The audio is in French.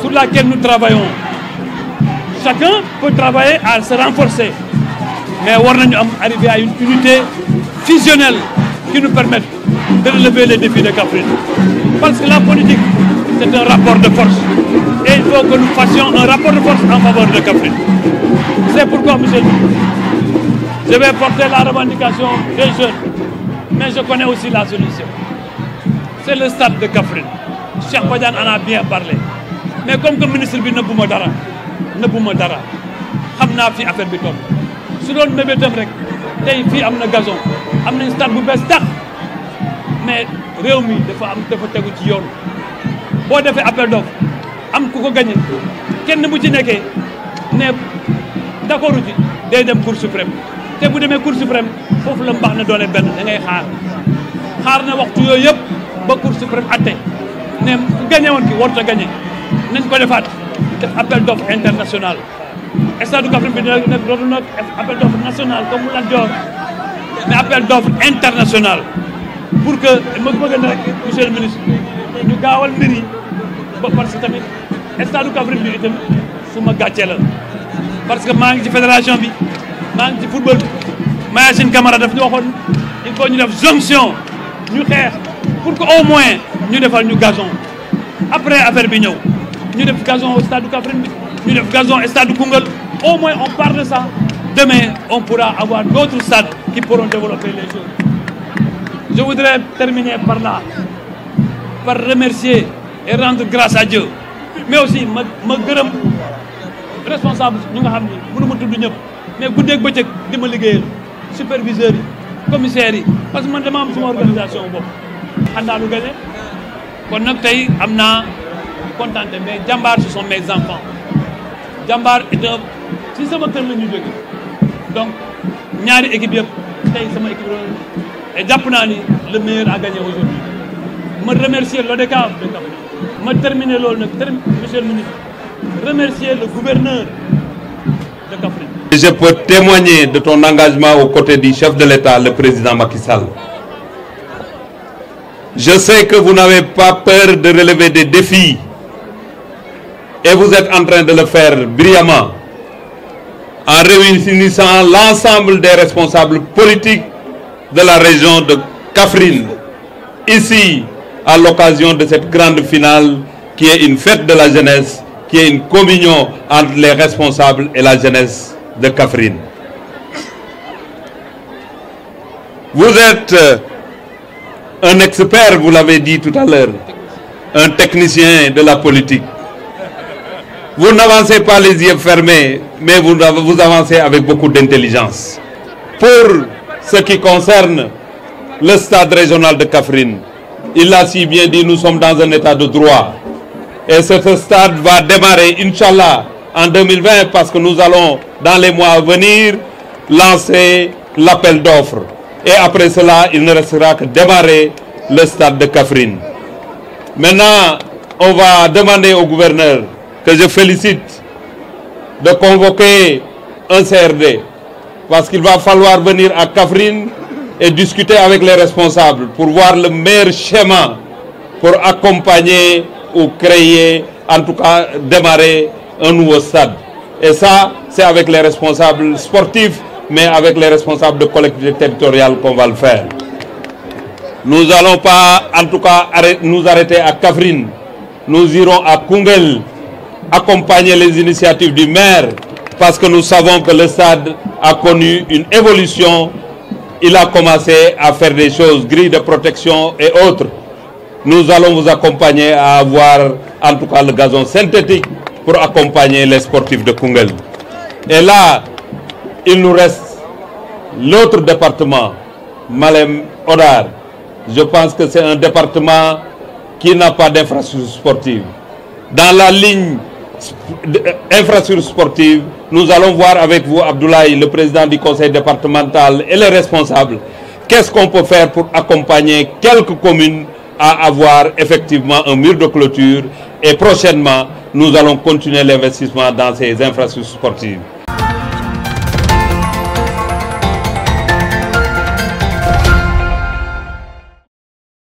sur laquelle nous travaillons, chacun peut travailler à se renforcer. Mais on doit arriver à une unité fusionnelle qui nous permette de relever les défis de Caprine. Parce que la politique, c'est un rapport de force. Et il faut que nous fassions un rapport de force en faveur de Caprine. C'est pourquoi, monsieur, je vais porter la revendication des jeunes. Mais je connais aussi la solution. C'est le stade de Caprine. Cheikh Badiane en a bien parlé mais comme que ministre bi nëbbu ma dara nëbbu ma dara xam naa fi affaire bi toll su doon mébétam rek tey fii am na gason am nañ stade bu bees tax mais réew mi dafa am te tegu ci yoon boo defee appel d'offre am ku ko gagné kenn bu ci nekkee ne d'accord ci day dem cour suprême te bu demee cour suprême foofu la mbaax na doone benn da ngay xaar xaar na waxtu yooyu yëpp ba cour suprême atte ne gagné woon ki warut a gagné nañ ko defaat def appel international stade du Kaffrine bi dina nekk dootul nekk appel d'offre national comme mu la joor mais appel d'offre international pour que ma bëgg na rek monsieur le ministre ñu gaawal mbir yi ba parce que tamit stade du Kaffrine bi itam ma gàccee la parce que maa ngi ci fédération bi maa ngi ci football bi Mayacine daf ñu waxoon il faut ñu def jonction ñu xeex pour que au Nous devons nous gazon après affaire bi nous devons def gazon au stade du Kafrin, nous devons gazon au stade du Kungol. au moins on parle de ça demain on pourra avoir d'autres stades qui pourront développer les choses je voudrais terminer par là par remercier et rendre grâce à Dieu mais aussi ma ma responsable nous avons xam ni mais vous superviseurs commissaires parce que man dama am organisation quand nous tey amna naa mais Jambar, ce sont mes enfants jàmbaar itam ci C'est kër la ñu donc ñaari équipe yëpp tey sama équipe et jàpp le meilleur a gagné aujourd'hui Je remercier l'ODECA. de Kaffrine Me terminer loolu term monsieur le ministre remercier le gouverneur de Cafrine. Je peux témoigner de ton engagement aux côtés du chef de l'État, le président Makissal. Je sais que vous n'avez pas peur de relever des défis et vous êtes en train de le faire brillamment en réunissant l'ensemble des responsables politiques de la région de Kafrine, ici à l'occasion de cette grande finale qui est une fête de la jeunesse, qui est une communion entre les responsables et la jeunesse de Kafrine. Vous êtes euh, un expert, vous l'avez dit tout à l'heure, un technicien de la politique. Vous n'avancez pas les yeux fermés, mais vous, avancez avec beaucoup d'intelligence. Pour ce qui concerne le stade régional de Kafrine, il a si bien dit, nous sommes dans un état de droit. Et ce, ce stade va démarrer, Inch'Allah, en 2020, parce que nous allons, dans les mois à venir, lancer l'appel d'offres. Et après cela, il ne restera que démarrer le stade de Kafrine. Maintenant, on va demander au gouverneur, que je félicite, de convoquer un CRD. Parce qu'il va falloir venir à Kafrine et discuter avec les responsables pour voir le meilleur schéma pour accompagner ou créer, en tout cas démarrer un nouveau stade. Et ça, c'est avec les responsables sportifs mais avec les responsables de collectivités territoriales qu'on va le faire. Nous n'allons pas, en tout cas, nous arrêter à Kafrine. Nous irons à Kungel, accompagner les initiatives du maire, parce que nous savons que le stade a connu une évolution. Il a commencé à faire des choses, grilles de protection et autres. Nous allons vous accompagner à avoir, en tout cas, le gazon synthétique pour accompagner les sportifs de Kungel. Et là, il nous reste l'autre département, Malem Odar. Je pense que c'est un département qui n'a pas d'infrastructures sportives. Dans la ligne infrastructure sportive, nous allons voir avec vous, Abdoulaye, le président du conseil départemental et les responsables, qu'est-ce qu'on peut faire pour accompagner quelques communes à avoir effectivement un mur de clôture et prochainement, nous allons continuer l'investissement dans ces infrastructures sportives.